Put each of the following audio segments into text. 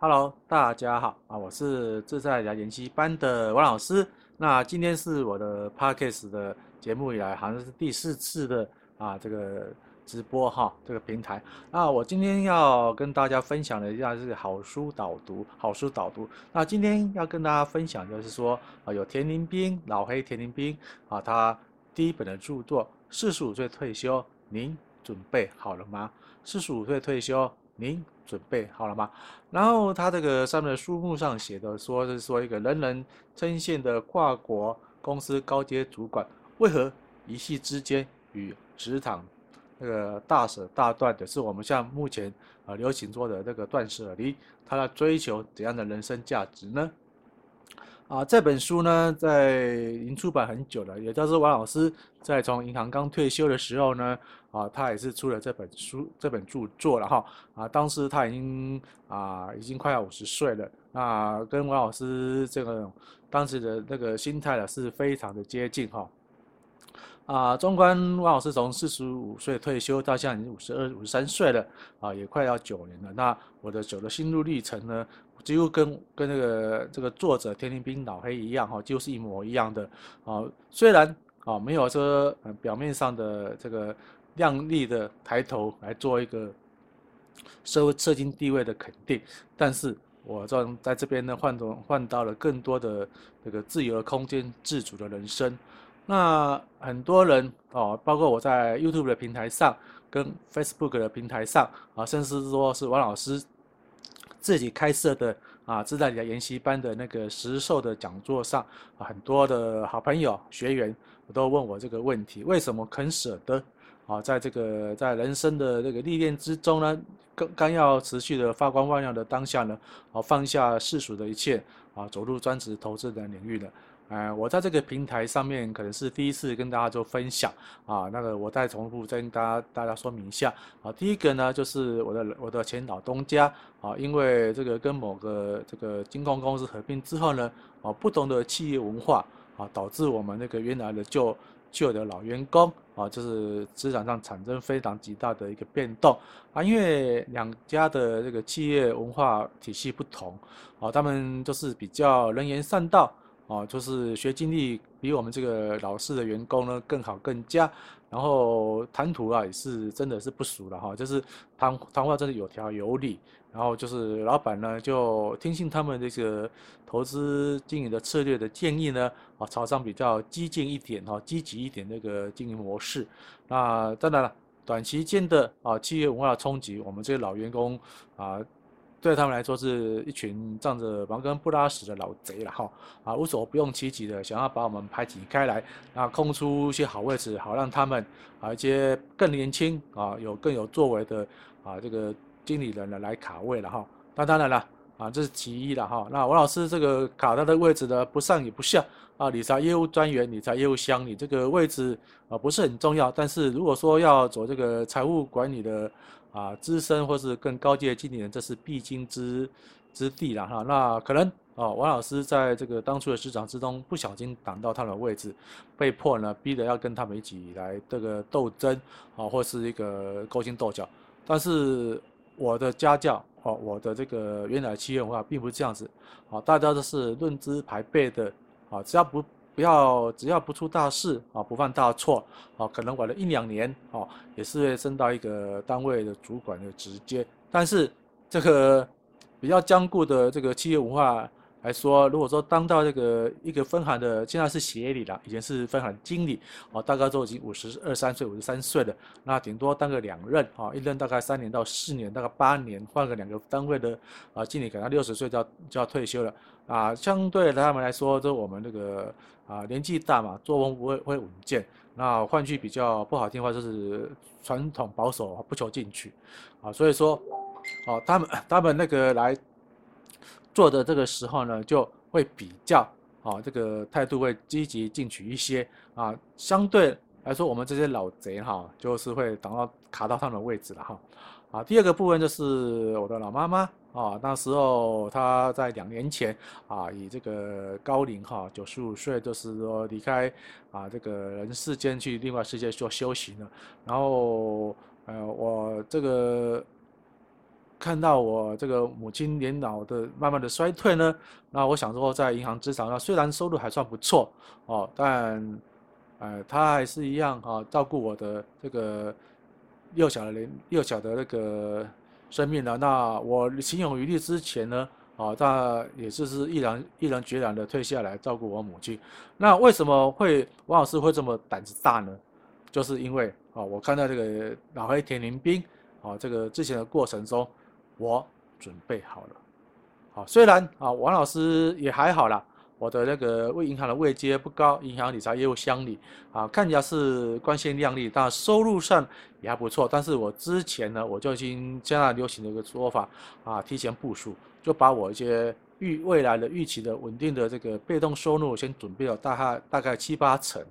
Hello，大家好啊！我是自在理財研習班的王老師。那今天是我的 podcast 的節目以來，好像是第四次的啊，這個直播哈，這個平台。那我今天要跟大家分享的，一樣是好書導讀，好書導讀。那今天要跟大家分享，就是說啊，有田臨斌老黑田臨斌啊，他第一本的著作《四十五歲退休》，您準備好了嗎？四十五歲退休。您準備好了嗎？然後，他這個上面的書目上寫的，說是說一個人人稱羨的跨國公司高階主管，為何一夕之間與職場那個大舍大斷？也是我們像目前啊流行做的那個斷捨離，他在追求怎樣的人生價值呢？啊，這本書呢，在已經出版很久了，也就是王老師在從銀行剛退休的時候呢，啊，他也是出了這本書，這本著作了哈。啊，當時他已經啊，已經快要五十歲了，那跟王老師這個當時的那個心態呢，是非常的接近哈。啊，縱觀王老師從四十五歲退休到現在已經五十二、五十三歲了，啊，也快要九年了。那我的九的心路歷程呢？幾乎跟跟那個這個作者田臨斌老黑一樣哈，幾乎是一模一樣的啊。雖然啊沒有說表面上的這個亮麗的抬頭來做一個社會社經地位的肯定，但是我從在這邊呢換到換到了更多的這個自由的空間、自主的人生。那很多人啊，包括我在 YouTube 的平台上、跟 Facebook 的平台上啊，甚至說是王老師。自己開設的啊，自在的研習班的那個實授的講座上啊，很多的好朋友學員，我都問我這個問題：為什麼肯捨得啊？在這個在人生的這個歷練之中呢，剛剛要持續的發光發亮的當下呢，啊，放下世俗的一切啊，走入專職投資的領域呢？哎、嗯，我在這個平台上面可能是第一次跟大家做分享啊。那個，我再重複再跟大家大家說明一下啊。第一個呢，就是我的我的前老東家啊，因為這個跟某個這個金控公司合併之後呢，啊，不同的企業文化啊，導致我們那個原來的舊舊的老員工啊，就是市場上產生非常極大的一個變動啊，因為兩家的這個企業文化體系不同啊，他們都是比較能言善道。啊，就是學經歷比我們這個老式的員工呢更好更佳，然後談吐啊也是真的是不俗的哈，就是談談話真的有條有理，然後就是老闆呢就聽信他們這個投資經營的策略的建議呢，啊朝向比較激進一點哈、啊，積極一點那個經營模式，那當然了，短期間的啊企業文化的衝擊，我們這些老員工啊。對他們來說是一群仗着茅坑不拉屎的老賊了哈，啊無所不用其極的想要把我們排擠開來，啊，空出一些好位置，好讓他們啊一些更年輕啊有更有作為的啊這個經理人呢來卡位了哈。那當然了，啊這是其一了哈。那王老師這個卡他的位置呢不上也不下啊，理財業務專員、理財業務襄理，你這個位置啊不是很重要，但是如果說要走這個財務管理的。啊，資深或是更高階的經理人，這是必經之之地了哈、啊。那可能啊，王老師在這個當初的市場之中不小心擋到他們的位置，被迫呢逼得要跟他們一起來這個鬥爭啊，或是一個勾心鬥角。但是我的家教哦、啊，我的這個原來企業文化並不是這樣子，啊，大家都是論資排輩的啊，只要不。不要，只要不出大事啊，不犯大錯啊，可能晚了一兩年啊，也是會升到一個單位的主管的職階。但是這個比較僵固的這個企業文化，來說，如果說當到這個一個分行的，現在是協理了，以前是分行經理，哦，大概都已經五十二三歲、五十三歲了，那頂多當個兩任，啊、哦，一任大概三年到四年，大概八年，換個兩個單位的啊經理，可能六十歲就要就要退休了，啊，相對他們來說，就我們那個啊年紀大嘛，作風不會會穩健，那換句比較不好聽的話，就是傳統保守，不求進取，啊，所以說，哦，他們他們那個來。做的這個時候呢，就會比較啊，這個態度會積極進取一些啊。相對來說，我們這些老賊哈，就是會等到卡到他們的位置了哈。啊，第二個部分就是我的老媽媽啊，那時候她在兩年前啊，以這個高齡哈，九十五歲，就是說離開啊這個人世間，去另外世界做修行了。然後呃，我這個。看到我這個母親年老的慢慢的衰退呢，那我想說，在銀行職場上，雖然收入還算不錯哦，但，呃他還是一樣啊、哦、照顧我的這個幼小的年幼小的那個生命呢、啊、那我心有餘力之前呢，啊、哦，他也就是毅然毅然決然的退下來照顧我母親。那為什麼會王老師會這麼膽子大呢？就是因為啊、哦，我看到這個老黑田臨斌啊、哦，這個之前的過程中。我準備好了，好，雖然啊，王老師也還好啦，我的那個為銀行的位階不高，銀行理財業務襄理啊，看起來是光鮮亮麗，但收入上也還不錯。但是我之前呢，我就已經接大流行的一個說法啊，提前部署，就把我一些。預未來的預期的穩定的這個被動收入，先準備了大概大概七八成。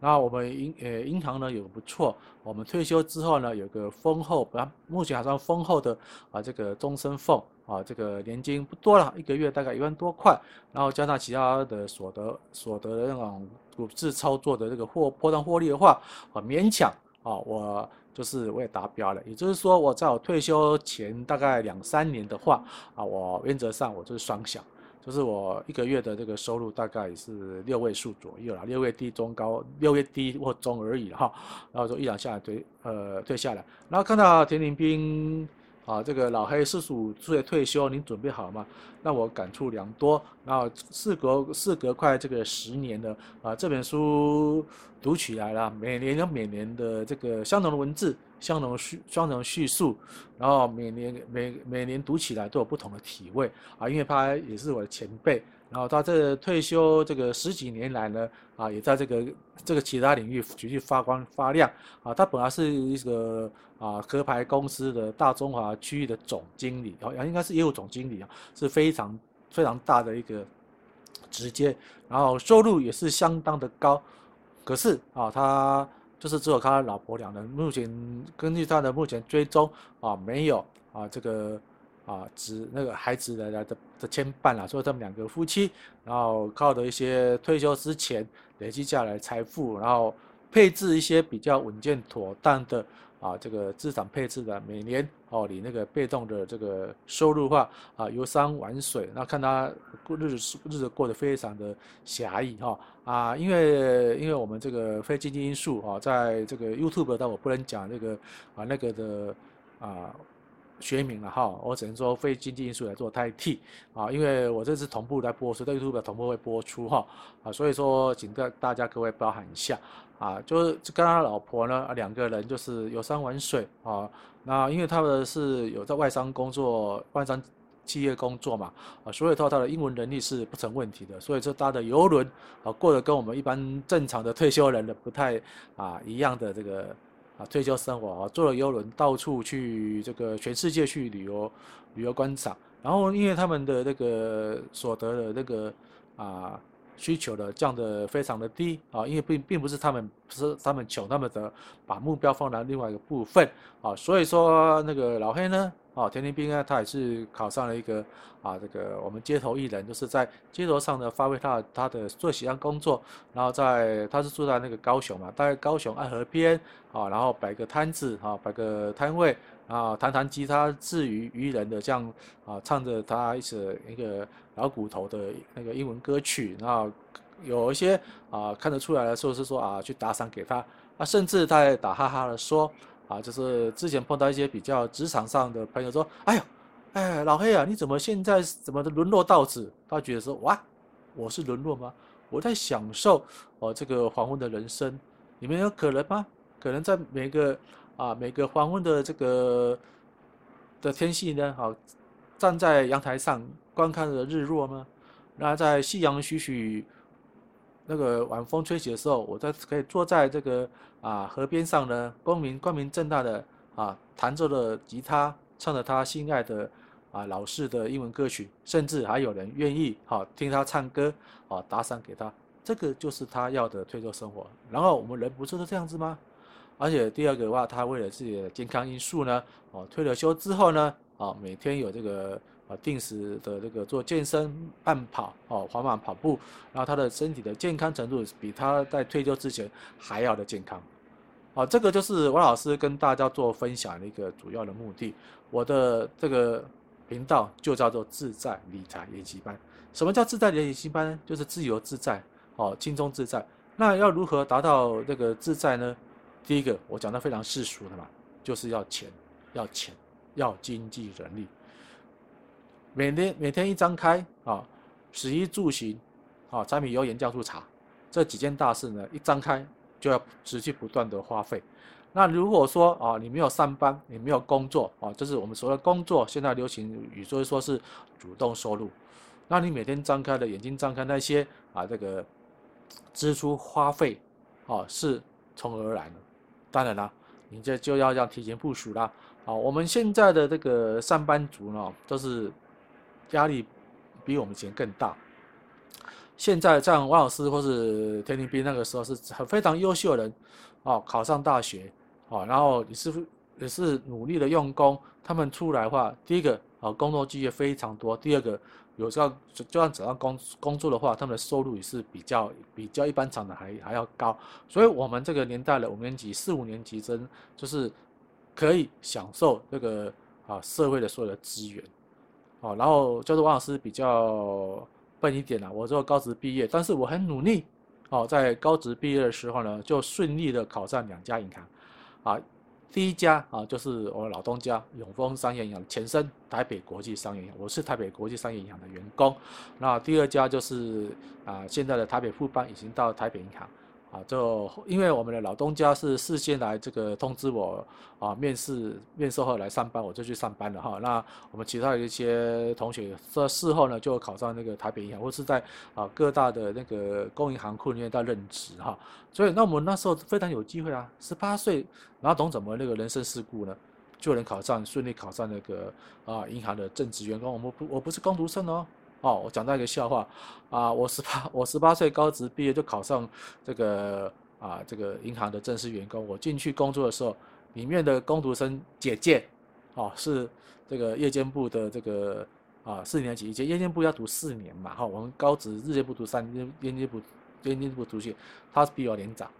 然後我們銀呃銀行呢也不錯，我們退休之後呢有個豐厚啊，目前還算豐厚的啊這個終身俸啊這個年金不多了，一個月大概一萬多塊，然後加上其他的所得所得的那種股市操作的這個獲波段獲利的話，啊勉強啊我。就是我也達標了，也就是說我在我退休前大概兩三年的話，啊，我原則上我就是雙小，就是我一個月的這個收入大概是六位數左右了，六位低中高，六位低或中而已了哈，然後就一兩下來退，呃，退下來，然後看到田臨斌，啊，這個老黑四十五歲退休，您準備好了嗎？讓我感觸良多。然後事隔事隔快這個十年了啊，這本書讀起來了，每年有每年的這個相同的文字，相同的敘相同的敘述，然後每年每每年讀起來都有不同的體會啊，因為他也是我的前輩。然後他這退休這個十幾年來呢，啊，也在這個這個其他領域繼續發光發亮。啊，他本來是一個啊殼牌公司的大中華區域的總經理，啊，應該是業務總經理啊，是非常非常大的一個職位，然後收入也是相當的高。可是啊，他就是只有他老婆兩人。目前根據他的目前追蹤啊，沒有啊這個。啊，子那個孩子來的來的的牽絆啊，所以他們兩個夫妻，然後靠的一些退休之前累積下來財富，然後配置一些比較穩健妥當的啊，這個資產配置的，每年哦，你、啊、那個被動的這個收入話啊，遊山玩水，那、啊、看他過日子日子過得非常的愜意哈啊，因為因為我們這個非經濟因素啊，在這個 YouTube 但我不能講那、這個啊那個的啊。學名了哈，我只能說非經濟因素來做代替啊，因為我這次同步來播出，在 YouTube 同步會播出哈啊，所以說請大大家各位包涵一下啊，就是跟他老婆呢兩個人啊就是遊山玩水啊，那因為他們是有在外商工作，外商企業工作嘛啊，所以說他的英文能力是不成問題的，所以說他的遊輪啊，過得跟我們一般正常的退休人的不太啊一樣的這個。啊，退休生活啊，坐了郵輪，到處去這個全世界去旅遊、旅遊觀賞。然後，因為他們的那個所得的那個啊需求的降得非常的低啊，因為並並不是他們。不是他們求他們的，把目標放在另外一個部分啊，所以說那個老黑呢，啊，田臨斌呢，他也是考上了一個啊，這個我們街頭藝人，就是在街頭上呢發揮他他的最喜歡工作，然後在他是住在那個高雄嘛，大概高雄愛河邊啊，然後擺個攤子啊，擺個攤位啊，彈彈吉他，自娛娛人的這樣啊，唱着他一首一個老骨頭的那個英文歌曲，然後。有一些啊看得出來的時候是說啊去打賞給他，啊甚至他也打哈哈的說啊，就是之前碰到一些比較職場上的朋友說，哎呦，哎呦老黑啊，你怎麼現在怎麼的淪落到此？他覺得說，哇，我是淪落嗎？我在享受哦、啊、這個黃昏的人生，你們有可能嗎？可能在每個啊每個黃昏的這個的天氣呢，好、啊、站在陽台上觀看着日落嗎？那在夕陽徐徐。那個晚風吹起的時候，我在可以坐在這個啊河邊上呢，光明光明正大的啊彈奏着吉他，唱着他心愛的啊老式的英文歌曲，甚至還有人願意好、啊、聽他唱歌，啊打賞給他，這個就是他要的退休生活。然後我們人不就是這樣子嗎？而且第二個的話，他為了自己的健康因素呢，哦、啊、退了休之後呢，啊每天有這個。啊，定時的這個做健身、慢跑哦，緩慢跑步，然後他的身體的健康程度比他在退休之前還要的健康。啊、哦，這個就是王老師跟大家做分享的一個主要的目的。我的這個頻道就叫做自在理財研習班。什麼叫自在理財研習班呢？就是自由自在哦，輕鬆自在。那要如何達到這個自在呢？第一個，我講的非常世俗的嘛，就是要錢，要錢，要經濟能力。每天每天一張開啊，食衣住行，啊，柴米油鹽醬醋茶這幾件大事呢，一張開就要持續不斷的花費。那如果說啊，你沒有上班，你沒有工作啊，這是我們所謂的工作，現在流行語所以說是主動收入。那你每天張開的眼睛張開那些啊，這個支出花費啊，是從何而來呢？當然啦，你這就要要提前部署啦。啊，我們現在的這個上班族呢，都是。壓力比我們以前更大。現在像王老師或是田臨斌那個時候是很非常優秀的人，哦，考上大學，哦，然後也是也是努力的用功。他們出來的話，第一個啊，工作機會非常多，第二個，有時候就算走上工工作的話，他們的收入也是比較比較一般，廠的還還要高。所以，我們這個年代的五年級、四五年級生，就是可以享受這個啊社會的所有的資源。哦，然後就是王老師比較笨一點啦，啊。我做高職畢業，但是我很努力。哦，在高職畢業的時候呢，就順利的考上兩家銀行，啊，第一家啊就是我的老東家永豐商業銀行前身台北國際商業銀行，我是台北國際商業銀行的員工。那第二家就是啊現在的台北富邦，已經到台北銀行。啊，就因為我們的老東家是事先來這個通知我，啊，面試面試後來上班，我就去上班了哈。那我們其他一些同學在事後呢，就考上那個台北銀行，或是在啊各大的那個公銀行庫裡面在任職哈。所以那我們那時候非常有機會啊，十八歲然後懂怎麼那個人生世故呢，就能考上順利考上那個啊銀行的正職員工。我們不我不是工讀生哦。哦，oh, 我講到一個笑話，啊，我十八，我十八歲高職畢業就考上這個啊，這個銀行的正式員工。我進去工作的時候，裡面的工讀生姐姐，哦，是這個夜間部的這個啊四年級，夜間部要讀四年嘛，哈，我們高職日間部讀三年，夜間部，夜間部讀去，他是比我年長，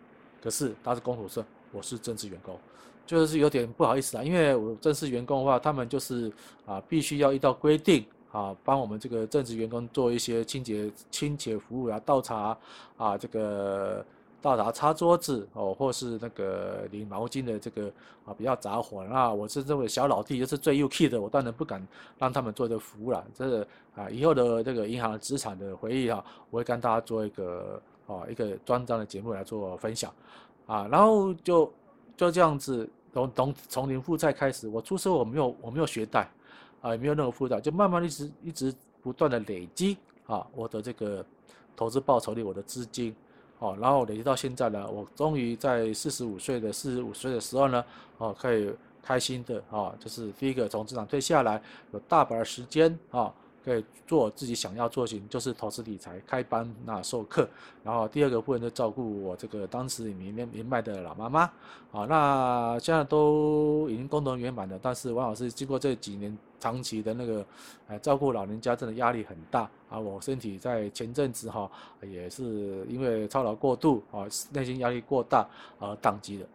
可是他是工讀生，我是正式員工，就是有點不好意思啊，因為我正式員工的話，他們就是啊必須要依照規定。啊，幫我們這個正職員工，做一些清潔清潔服務啊，倒茶，啊，這個倒茶、擦桌子哦，或是那個領毛巾的這個啊，比較雜活。那我是這位小老弟，就是最幼齒的，我當然不敢讓他們做這服務了。這個啊，以後的這個銀行資產的回憶啊，我會跟大家做一個啊一個專章的節目來做分享。啊，然後就就這樣子，從從從零負債開始。我出生我沒有我沒有學貸。啊，也沒有任何負擔，就慢慢一直一直不斷的累積啊，我的這個投資報酬率，我的資金，啊，然後累積到現在呢，我終於在四十五歲的四十五歲的時候呢，啊，可以開心的啊，就是第一個從職場退下來，有大把的時間啊。對，做自己想要做的事情，就是投資理財、開班那授課，然後第二個部分就照顧我這個當時裡面年邁的老媽媽啊。那現在都已經功德圓滿了，但是王老師經過這幾年長期的那個，哎、照顧老人家真的壓力很大啊。我身體在前陣子哈、啊、也是因為操勞過度啊，內心壓力過大而宕機了。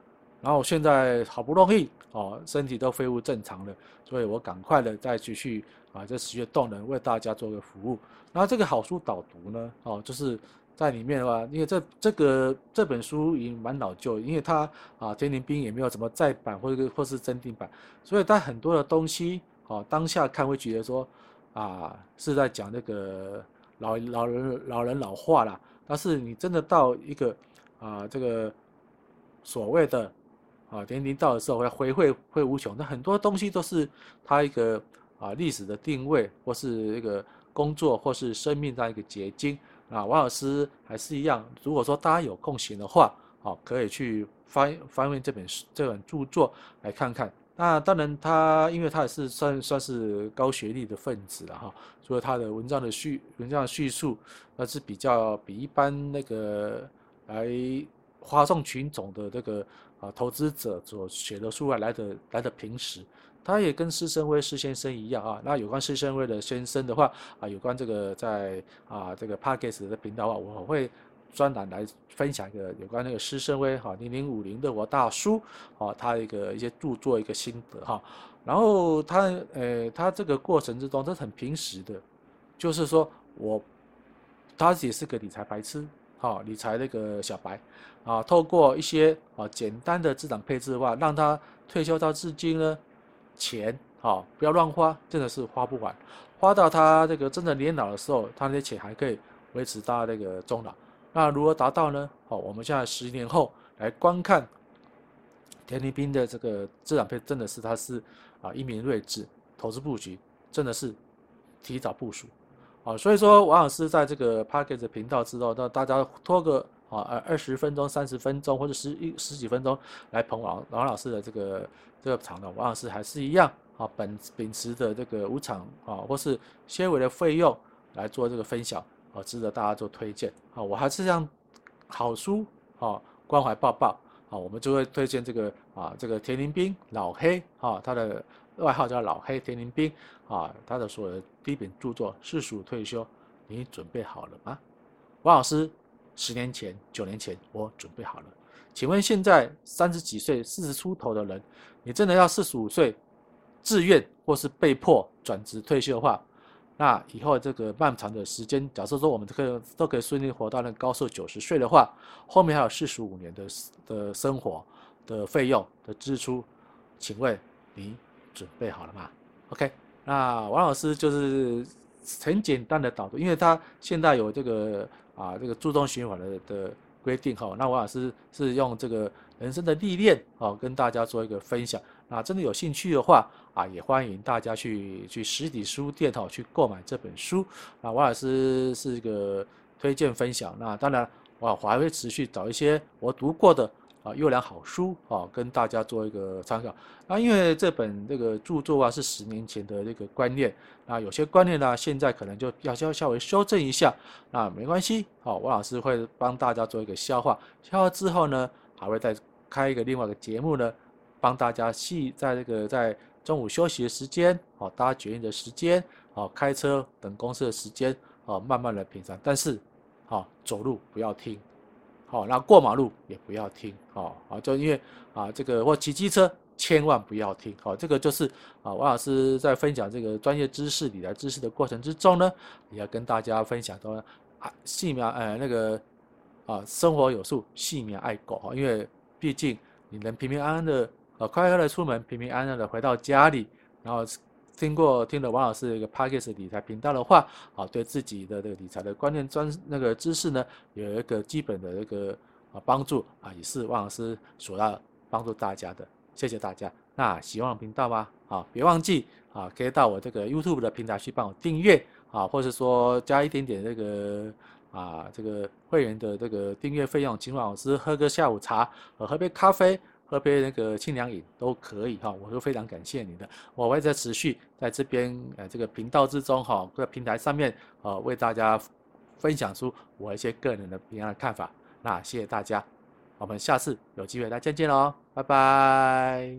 然後我現在好不容易哦，身體都恢復正常了，所以我趕快的再繼續啊，這十月動能為大家做個服務。那這個好書導讀呢哦，就是在裡面的話，因為這這個這本書已經蠻老舊，因為它啊，田臨斌也沒有怎麼再版或者或是增訂版，所以它很多的東西哦、啊，當下看會覺得說啊是在講那個老老人，老人老人老化啦，但是你真的到一個啊這個所謂的。啊，年齡到的時候會，會回饋會無窮。那很多東西都是他一個啊歷史的定位，或是一個工作，或是生命這樣一個結晶。啊，王老師還是一樣。如果說大家有空閒的話，好、啊，可以去翻翻閱這本書、這本著作來看看。那當然他，他因為他也是算算是高學歷的分子、啊、了哈。所以他的文章的敘文章的敘述，那是比較比一般那個來嘩眾取寵的這個。啊，投資者所寫的書啊，來的來的平時，他也跟施生威施先生一樣啊。那有關施生威的先生的話啊，有關這個在啊這個 p a r k e 的頻道啊，我會專欄來分享一個有關那個施生威哈零零五零的我大叔啊，他一個一些著作一個心得哈、啊。然後他呃他這個過程之中，他很平時的，就是說我他也是個理財白痴。哦，理財那個小白，啊，透過一些啊簡單的資產配置的話，讓他退休到至今呢，錢，啊，不要亂花，真的是花不完，花到他這個真的年老的時候，他那些錢還可以維持到那個終老。那如何達到呢？好、啊，我們現在十年後來觀看田臨斌的這個資產配置，真的是他是啊，英明睿智，投資布局真的是提早部署。啊，所以說王老師在這個 podcast 頻道之後，那大家拖個啊，二二十分鐘、三十分鐘或者十一十幾分鐘來捧王老王老師的這個這個場呢，王老師還是一樣啊，本秉持的這個無償啊，或是些微的費用來做這個分享啊，值得大家做推薦啊。我還是像好書啊、關懷抱抱啊，我們就會推薦這個啊，這個田臨斌老黑啊，他的。外號叫老黑田臨斌，啊，他的所有的第一本著作四十五退休，你準備好了嗎？王老師，十年前、九年前我準備好了。請問現在三十幾歲、四十出頭的人，你真的要四十五歲自願或是被迫轉職退休的話，那以後這個漫長的時間，假設說我們這個都可以順利活到那個高壽九十歲的話，後面還有四十五年的的生活、的費用的支出，請問你？準備好了嗎？OK，那王老師就是很簡單的導讀，因為他現在有這個啊這個注重循環的的規定哈。那王老師是用這個人生的歷練啊，跟大家做一個分享。那真的有興趣的話啊，也歡迎大家去去實體書店哈去購買這本書。啊，王老師是一個推薦分享。那當然，啊，我還會持續找一些我讀過的。啊，優良好書啊、哦，跟大家做一個參考。那因為這本這個著作啊，是十年前的這個觀念，啊，有些觀念呢、啊，現在可能就要要稍微修正一下。那沒關係，哦，王老師會幫大家做一個消化。消化之後呢，還會再開一個另外一個節目呢，幫大家細在這個在中午休息的時間，哦，搭捷運的時間、哦，開車等公司的時間，哦，慢慢的品嘗。但是，哦，走路不要聽。哦，那過馬路也不要聽哦，啊，就因為啊，這個或騎機車千萬不要聽哦，這個就是啊，王老師在分享這個專業知識理財知識的過程之中呢，也要跟大家分享到啊，細苗呃那個啊，生活有數，細苗愛狗哈，因為畢竟你能平平安安的啊，快快樂樂出門，平平安安的回到家裡，然後。聽過聽了王老師一個 podcast 理財頻道的話，啊，對自己的這個理財的觀念專、專那個知識呢，有一個基本的這個啊幫助啊，也是王老師所要幫助大家的。謝謝大家，那喜歡我頻道嗎？啊，別忘記啊，可以到我這個 YouTube 的平台去幫我訂閱啊，或者說加一點點這個啊這個會員的這個訂閱費用，請王老師喝個下午茶，啊、喝杯咖啡。喝杯那個清涼飲都可以哈，我都非常感謝你的，我會在持續在這邊呃這個頻道之中哈，各、哦、平台上面啊、哦、為大家分享出我一些個人的平安看法，那謝謝大家，我們下次有機會再見見嘍，拜拜。